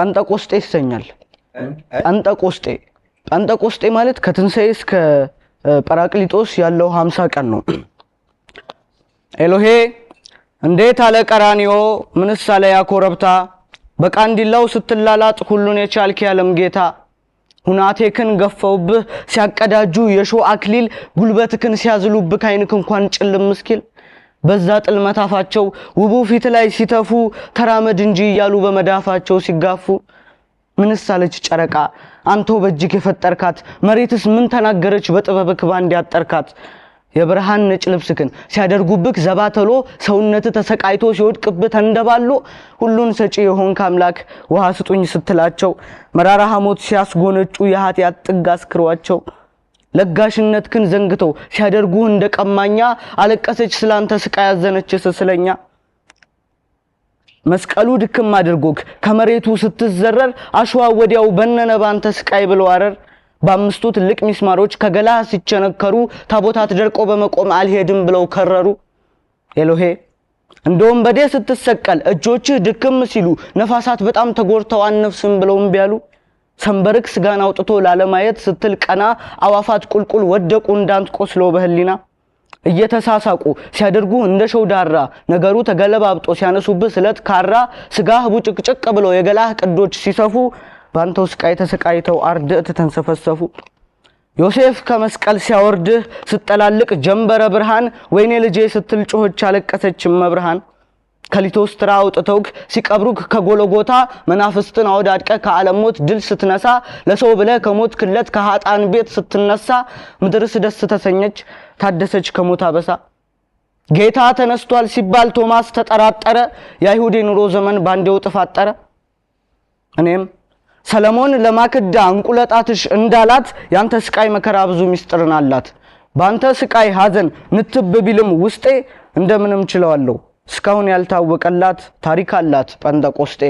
ጳንጠቆስጤ ይሰኛል። ጳንጠቆስጤ ጳንጠቆስጤ ማለት ከትንሣኤ እስከ ጰራቅሊጦስ ያለው ሀምሳ ቀን ነው። ኤሎሄ እንዴት አለ ቀራኒዮ፣ ምንስ አለ ያ ኮረብታ፣ በቃንዲላው ስትላላጥ ሁሉን የቻልክ ያለም ጌታ ሁናቴክን ገፈውብህ ሲያቀዳጁ የሾህ አክሊል ጉልበትክን ሲያዝሉብህ አይንክ እንኳን ጭልም ምስኪል በዛ ጥል መታፋቸው ውቡ ፊት ላይ ሲተፉ ተራመድ እንጂ እያሉ በመዳፋቸው ሲጋፉ ምንስ አለች ጨረቃ አንተ በእጅግ የፈጠርካት መሬትስ ምን ተናገረች በጥበብክ ባንድ ያጠርካት የብርሃን ነጭ ልብስክን ሲያደርጉብክ ዘባተሎ ሰውነት ተሰቃይቶ ሲወድቅብህ ተንደባሎ ሁሉን ሰጪ የሆንክ አምላክ ውሃ ስጡኝ ስትላቸው መራራ ሐሞት ሲያስጎነጩ የኃጢአት ጥግ አስክሯቸው ለጋሽነት ክን ዘንግተው ሲያደርጉህ እንደ ቀማኛ አለቀሰች ስላንተ ስቃይ ያዘነች ስለኛ። መስቀሉ ድክም አድርጎክ ከመሬቱ ስትዘረር አሸዋ ወዲያው በነነ ባንተ ስቃይ ብሎ አረር። በአምስቱ ትልቅ ሚስማሮች ከገላ ሲቸነከሩ ታቦታት ደርቆ በመቆም አልሄድም ብለው ከረሩ። ኤሎሄ እንደውም ወንበዴ ስትሰቀል እጆችህ ድክም ሲሉ ነፋሳት በጣም ተጎድተው አነፍስም ብለው እምቢ አሉ። ሰንበርክ ስጋን አውጥቶ ላለማየት ስትል ቀና አዋፋት ቁልቁል ወደቁ እንዳንት ቆስሎ በህሊና እየተሳሳቁ ሲያደርጉ እንደ ሸው ዳራ ነገሩ ተገለባብጦ ሲያነሱብህ ስለት ካራ ስጋህ ቡጭቅጭቅ ብሎ የገላህ ቅዶች ሲሰፉ ባንተው ስቃይ ተሰቃይተው አርድእት ተንሰፈሰፉ። ዮሴፍ ከመስቀል ሲያወርድህ ስጠላልቅ ጀንበረ ብርሃን ወይኔ ልጄ ስትል ጮኸች አለቀሰች መብርሃን ከሊቶስትራ አውጥተውክ ሲቀብሩክ ከጎሎጎታ መናፍስትን አወዳድቀ ከዓለም ሞት ድል ስትነሳ ለሰው ብለ ከሞት ክለት ከሀጣን ቤት ስትነሳ ምድርስ ደስ ተሰኘች ታደሰች ከሞት አበሳ። ጌታ ተነስቷል ሲባል ቶማስ ተጠራጠረ። የአይሁድ የኑሮ ዘመን ባንዴው ጥፋጠረ እኔም ሰለሞን ለማክዳ እንቁለጣትሽ እንዳላት ያንተ ስቃይ መከራ ብዙ ሚስጥርን አላት። በአንተ ስቃይ ሀዘን ንትብ ቢልም ውስጤ እንደምንም ችለዋለሁ እስካሁን ያልታወቀላት ታሪክ አላት ጴንጠቆስጤ።